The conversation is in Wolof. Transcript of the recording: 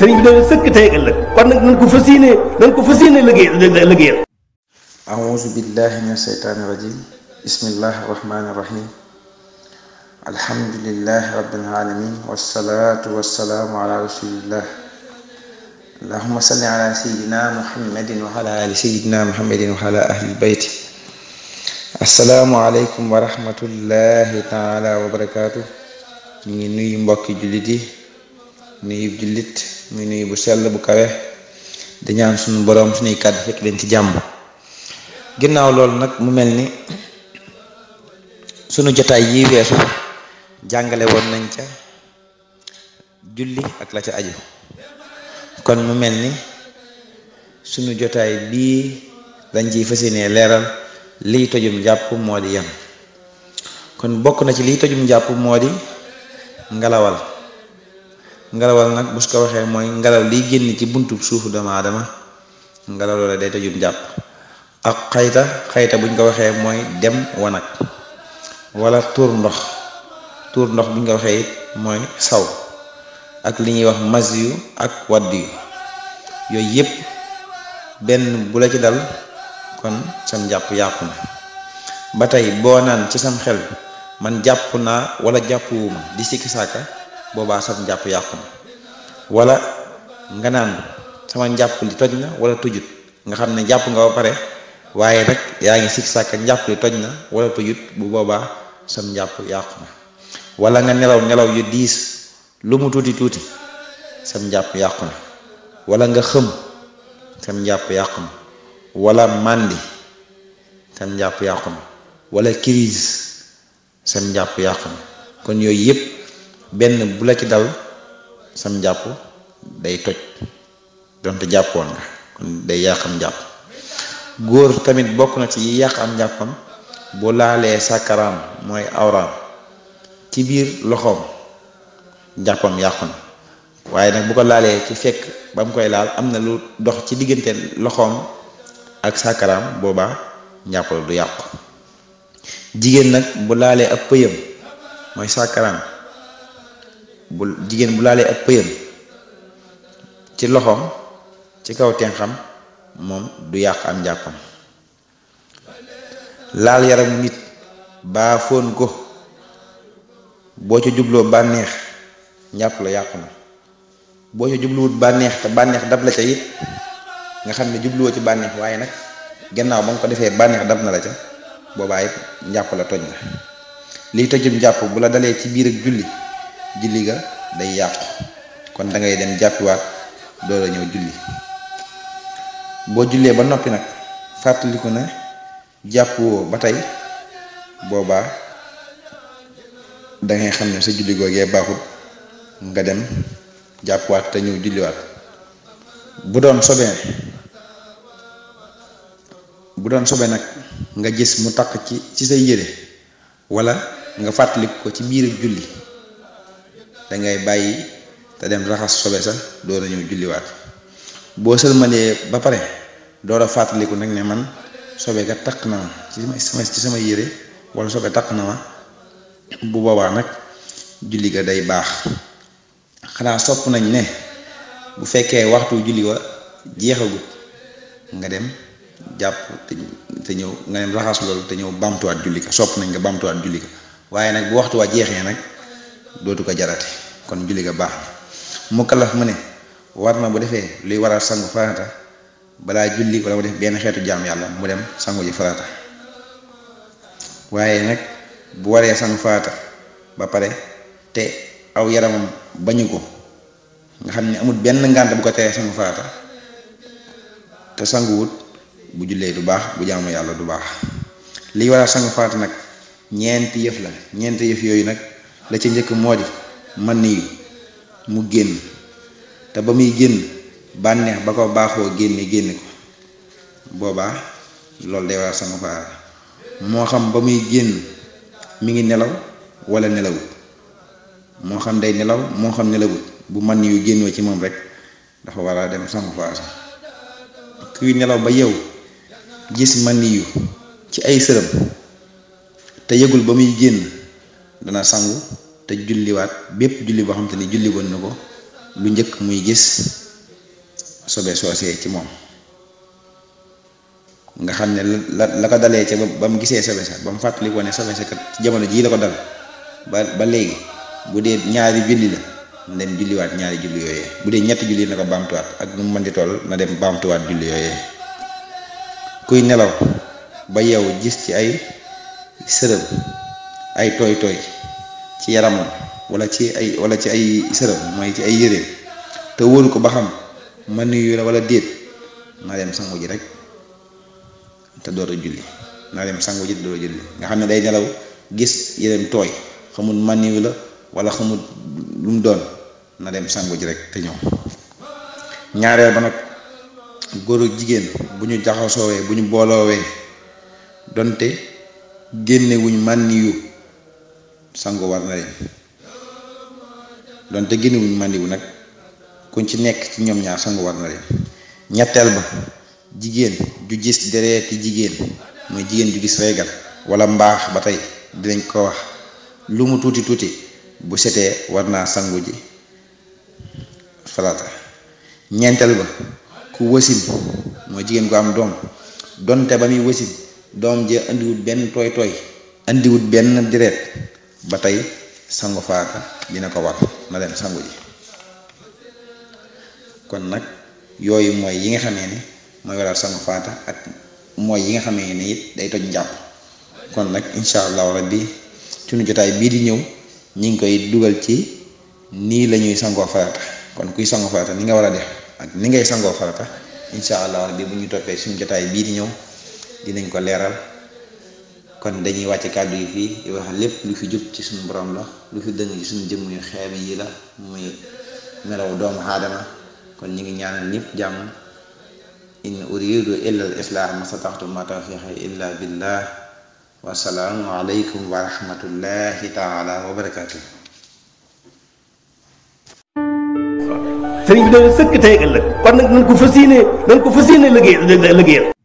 sëriñ bi dañu sëkk tey ëllëg kon nag nañ ko fas yéene nañ ko fas yéene liggéey liggéeyal aouzu billahi min asheytaani rajim bismillahi rahmaani rahim alhamdulillahi rabbil alamin wassalaatu wassalaamu ala rasulillah allahuma salli ala sayidina muhammadin wa ala ali sayidina muhammadin wa ala ahli bayti asalaamualeykum wa rahmatullahi taala wa barakaatu ñu ngi nuyu mbokki jullit yi nuyu jullit muy nuyu bu sell bu kawe di ñaan suñu boroom suñuy kàddu fekk leen ci jàmm ginnaaw loolu nag mu mel ni sunu jotaay yii weesu jàngale woon nañ ca julli ak la ca aju kon mu mel ni sunu jotaay bii dañ ciy fas yéenee leeral liy tojum njàpp moo di yan kon bokk na ci liy tojum jàpp moo di ngalawal ngelawal nag bu su ko waxee mooy ngelaw liy génn ci buntu suufu doomu aadama ngelaw loola day tëjum jàpp ak xayta xayta buñ ko waxee mooy dem wanag wala tuur ndox tuur ndox buñ ko waxee mooy saw ak li ñuy wax mas yu ak wadd yu yooyu yépp benn bu la ci dal kon sam jàpp yàqu na ba tey boo naan ci sam xel man jàpp naa wala jàppuwuma di sikki sàkka boobaa sam njàpp yàqu walla nga naan sama njàpp toj na wala tojut nga xam ne jàpp nga pare waaye rek yaa ngi sikk sàkk njàpp li toj na wala tojut bu boobaa sam njàpp yàqu wala nga nelaw nelaw yu diis lu mu tuuti tuuti sam njàpp yàqu na wala nga xëm sam njàpp yàqu walla màndi sam njàpp yàqu na wala crise sam njàpp yàqu kon yooyu yëpp benn bu la ci dal sam njàpp day toj donte jàppoon nga kon day yàqam njàpp góor tamit bokk na ci yi yàq am njàppam bu laalee sàkkaraam mooy awraam ci biir loxoom njàppam yàqu na waaye nag bu ko laalee ci fekk ba mu koy laal am na lu dox ci diggante loxoom ak sàkkaraam boobaa njàpp du yàqu jigéen nag bu laalee ab pëyam mooy sàkkaraam bu jigéen bu laalee ak pëyam ci loxoom ci kaw tenxam moom du yàq am njàppam laal yaramu nit baa foon ko boo ci jubloo bànneex njàpp la yàqu na boo ca jubluwut bànneex te bànneex dab la ca it nga xam ne jubluwoo ci bànneex waaye nag gannaaw ba nga ko defee bànneex dab na la ca boobaa it njàpp la toj la liy tojum njàpp bu la dalee ci biir ak julli julli ga day yàqu kon da ngay dem jàppiwaat doo la ñëw julli boo jullee ba noppi nag fàttaliku ne jàppoo ba tey boobaa dangay xam ne sa julli googee baaxut nga dem jàppuwaat te ñëw julliwaat bu doon sobee bu doon sobee nag nga gis mu takk ci ci say yére wala nga fàttaliku ko ci biir julli. dangay bàyyi te dem raxas sobe sa door a ñëw julliwaat boo sëlmalee ba pare door a fàttaliku nag ne man sobe ga takk na ma ci sama ci sama yére wala sobe takk na ma bu boobaa nag julli ga day baax xanaa sopp nañ ne bu fekkee waxtu julli wa jeexagut nga dem jàpp te ñëw nga dem raxas loolu te ñëw bamtuwaat julli ka sopp nañ nga bamtuwaat julli ka waaye nag bu waxtu waa jeexee nag dootu ko jarate kon julli ga baax na mukallaf mu ne war na bu defee luy waral sangu farata balaa julli wala mu def benn xeetu jaam yàlla mu dem sangu ji farata waaye nag bu waree sangu farata ba pare te aw yaramam bañu ko nga xam ne amul benn ngànt bu ko teree sangu farata te sanguwut bu jullee du baax bu jaamu yàlla du baax liy waral sangu farata nag ñeenti yëf la ñeenti yëf yooyu nag la ci njëkk moo di man nii mu génn te ba muy génn bànneex ba ko baaxoo génne génn ko boobaa loolu day war sama faara moo xam ba muy génn mi ngi nelaw wala nelawut moo xam day nelaw moo xam nelawut bu man nii yu génnoo ci moom rek dafa war a dem sama faara kuy nelaw ba yow gis man nii yu ci ay sërëm te yëgul ba muy génn dana sangu te julliwaat bépp julli boo xam te ni julli woon na ko lu njëkk muy gis sobe soose ci moom nga xam ne la la ko dalee ca ba mu gisee sobe sa ba mu fàttali ne sobe sa kat ci jamono jii la ko dal ba ba léegi bu dee ñaari julli la dem julliwaat ñaari julli yooyee bu dee ñetti julli na ko baamtuwaat ak nu mu mën di toll na dem baamtuwaat julli yooyee kuy nelaw ba yow gis ci ay sërëb ay tooy tooy ci yaramam walla ci ay wala ci ay sëram mooy ci ay yéreem te wóoru ko ba xam man nuyu la wala déet naa dem sangu ji rek te door a julli naa dem sangu te door a julli nga xam ne day nelaw gis yeneen tooy xamul man la wala xamul lu mu doon na dem sangu ji rek te ñëw ñaareel ba nag góor ak jigéen bu ñu jaxasoowee bu ñu booloowee donte génne wuñ man niyu sango war na leen donte génnewuñ màndiwu nag kuñ ci nekk ci ñoom ñaar sango war na leen ñetteel ba jigéen ju gis dereeti jigéen mooy jigéen ju gis reegal wala mbaax ba tey dinañ ko wax lu mu tuuti tuuti bu setee war naa sangu ji farata ñeenteel ba ku wasin mooy jigéen ko am doom donte ba muy wasin doom ji andiwut benn tooy tooy andiwut benn direet ba tey sangu farata dina ko war na dem sangu ji kon nag yooyu mooy yi nga xam ne mooy waral sangu faata ak mooy yi nga xam ne it day toj njàpp kon nag incha allahu rabbi sunu jotaay bii di ñëw ñi ngi koy dugal ci nii la ñuy sangoo farata kon kuy sangoo farata ni nga war a def ak ni ngay sangoo farata incha allah rabbi bu ñu toppee suñu jotaay bii di ñëw dinañ ko leeral kon dañuy wàcc kàddu yi fii di wax lépp lu fi jub ci suñu boroom la lu fi dëng suñu jëmm yu xeeb yii la muy melaw doomu aadama kon ñu ngi ñaanal ñëpp jàmm in uridu illa al islah ma sataxtu ma tawfiqi illa billah wa salaamu alaykum wa wa barakatu sëriñ bi de sëkk tey ëllëg kon nag nañ ko fas yéene ko fas yéene liggéey liggéeyal